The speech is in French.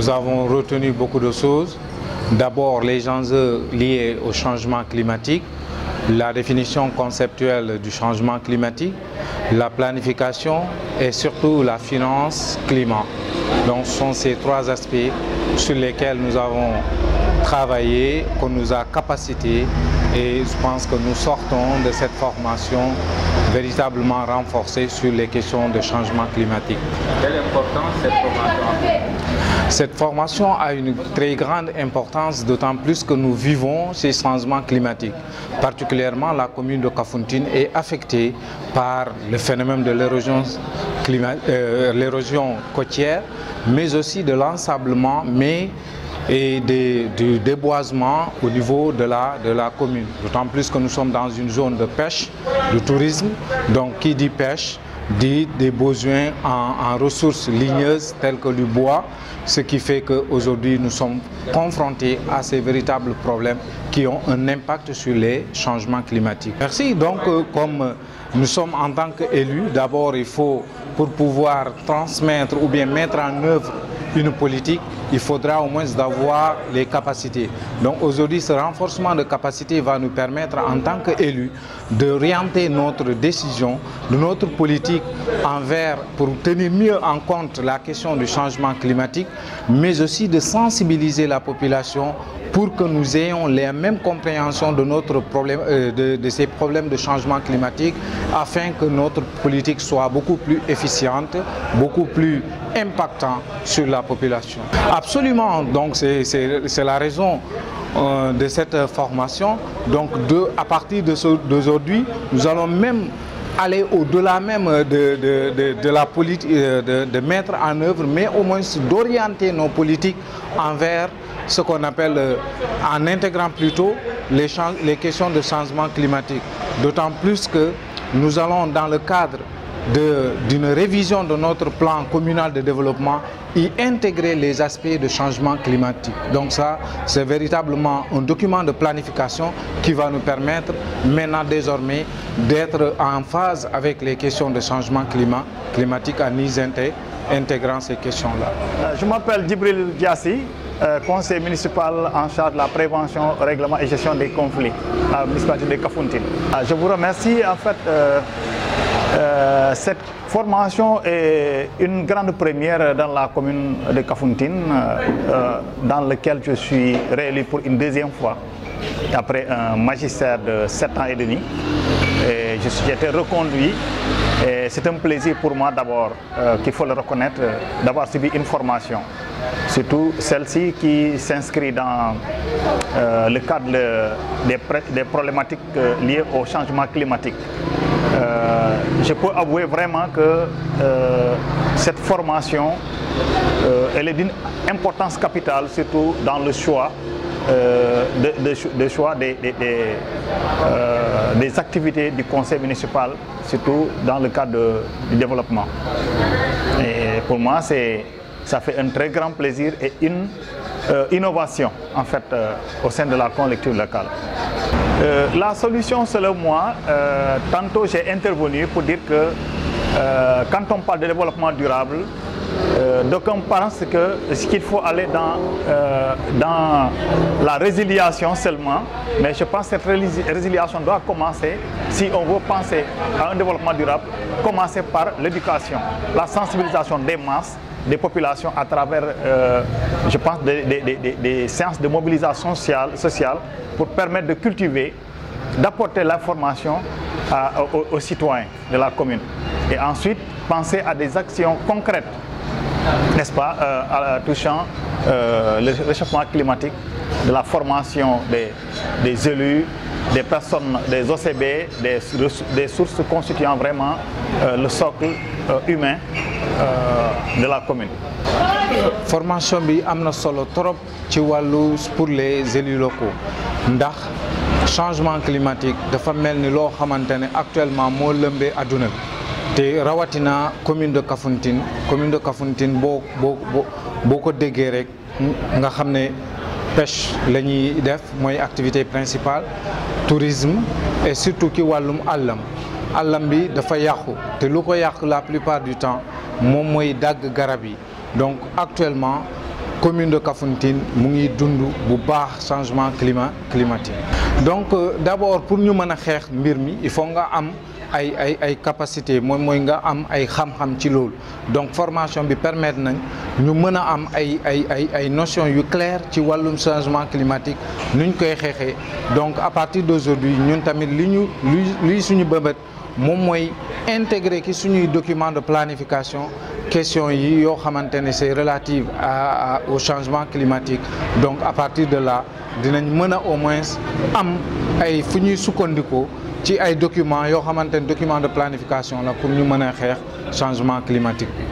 Nous avons retenu beaucoup de choses. D'abord, les enjeux liés au changement climatique, la définition conceptuelle du changement climatique, la planification et surtout la finance climat. Donc, ce sont ces trois aspects sur lesquels nous avons travaillé, qu'on nous a capacité et je pense que nous sortons de cette formation véritablement renforcée sur les questions de changement climatique. Quelle importance cette formation a Cette formation a une très grande importance, d'autant plus que nous vivons ces changements climatiques. Particulièrement, la commune de Cafontine est affectée par le phénomène de l'érosion euh, côtière, mais aussi de l'ensablement, mais et du déboisement au niveau de la, de la commune. D'autant plus que nous sommes dans une zone de pêche, de tourisme, donc qui dit pêche dit des besoins en, en, ressources ligneuses telles que du bois, ce qui fait qu'aujourd'hui nous sommes confrontés à ces véritables problèmes qui ont un impact sur les changements climatiques. Merci. Donc, euh, comme nous sommes en tant qu'élus, d'abord il faut, pour pouvoir transmettre ou bien mettre en œuvre une politique, il faudra au moins d'avoir les capacités. Donc aujourd'hui, ce renforcement de capacités va nous permettre en tant qu'élus d'orienter notre décision, notre politique envers, pour tenir mieux en compte la question du changement climatique, mais aussi de sensibiliser la population pour que nous ayons les mêmes compréhensions de, notre problème, euh, de, ces problèmes de changement climatique afin que notre politique soit beaucoup plus efficiente, beaucoup plus impactante sur la population. Absolument, donc c'est la raison euh, de cette formation. Donc à partir d'aujourd'hui, nous allons même aller au-delà même de, la politique, euh, de, mettre en œuvre, mais au moins d'orienter nos politiques envers ce qu'on appelle, euh, en intégrant plutôt les, les questions de changement climatique. D'autant plus que nous allons, dans le cadre d'une révision de notre plan communal de développement, y intégrer les aspects de changement climatique. Donc ça, c'est véritablement un document de planification qui va nous permettre maintenant désormais d'être en phase avec les questions de changement climat, climatique en y intégrant ces questions-là. Euh, je m'appelle Djibril Diassi, euh, conseiller municipal en charge de la prévention, règlement et gestion des conflits, la municipalité de euh, Je vous remercie en fait... Euh, cette formation est une grande première dans la commune de Cafontine, euh, euh, dans laquelle je suis réélu pour une deuxième fois, après un magistère de 7 ans et demi. Et je suis été reconduit et c'est un plaisir pour moi d'abord, qu'il faut le reconnaître, d'avoir suivi une formation. Surtout celle-ci qui s'inscrit dans le cadre des problématiques liées au changement climatique. Euh, je peux avouer vraiment que euh, cette formation, euh, elle est d'une importance capitale, surtout dans le choix, choix des, activités du conseil municipal, surtout dans le cadre du développement. pour moi, ça fait un très grand plaisir et une innovation, en fait, au sein de la collectivité locale. Euh, la solution, selon moi, euh, tantôt j'ai intervenu pour dire que euh, quand on parle de développement durable, donc on pense que ce qu'il faut aller dans, dans la résiliation seulement, mais je pense que cette résiliation doit commencer, si on veut penser à un développement durable, commencer par l'éducation, la sensibilisation des masses, des populations à travers, euh, je pense, des, séances de mobilisation sociale, sociale pour permettre de cultiver, d'apporter l'information aux, aux citoyens de la commune. Et ensuite, penser à des actions concrètes n'est-ce pas, euh, touchant euh, le réchauffement climatique, de la formation des élus, des personnes, des OCB, des, sources constituant vraiment euh, le socle euh, humain euh, de la commune. formation bi amna solo trop ci pour les élus locaux ndax changement climatique De mel ni loo à actuellement mo lembé à Té rawatina commune de Kafountine commune de Kafountine beaucoup de de rek nga pêche la def moy activité principale tourisme et surtout ki walum allam allam bi dafa yàqu té luko ko la plupart du temps mom moy dag garab donc actuellement commune de Kafountine mu ngi dund bu baax changement climat climatique. donc euh, d'abord pour ñu mën xex mbir mi il faut nga am ay ay ay capacité moy moy nga am ay xam-xam ci lool donc formation bi permettre nañ. Nous avons une notion claire sur le changement climatique donc à partir d'aujourd'hui nous avons intégré les documents de planification question questions relatives au changement climatique donc à partir de là nous avons au moins am ay document de planification pour nous changement climatique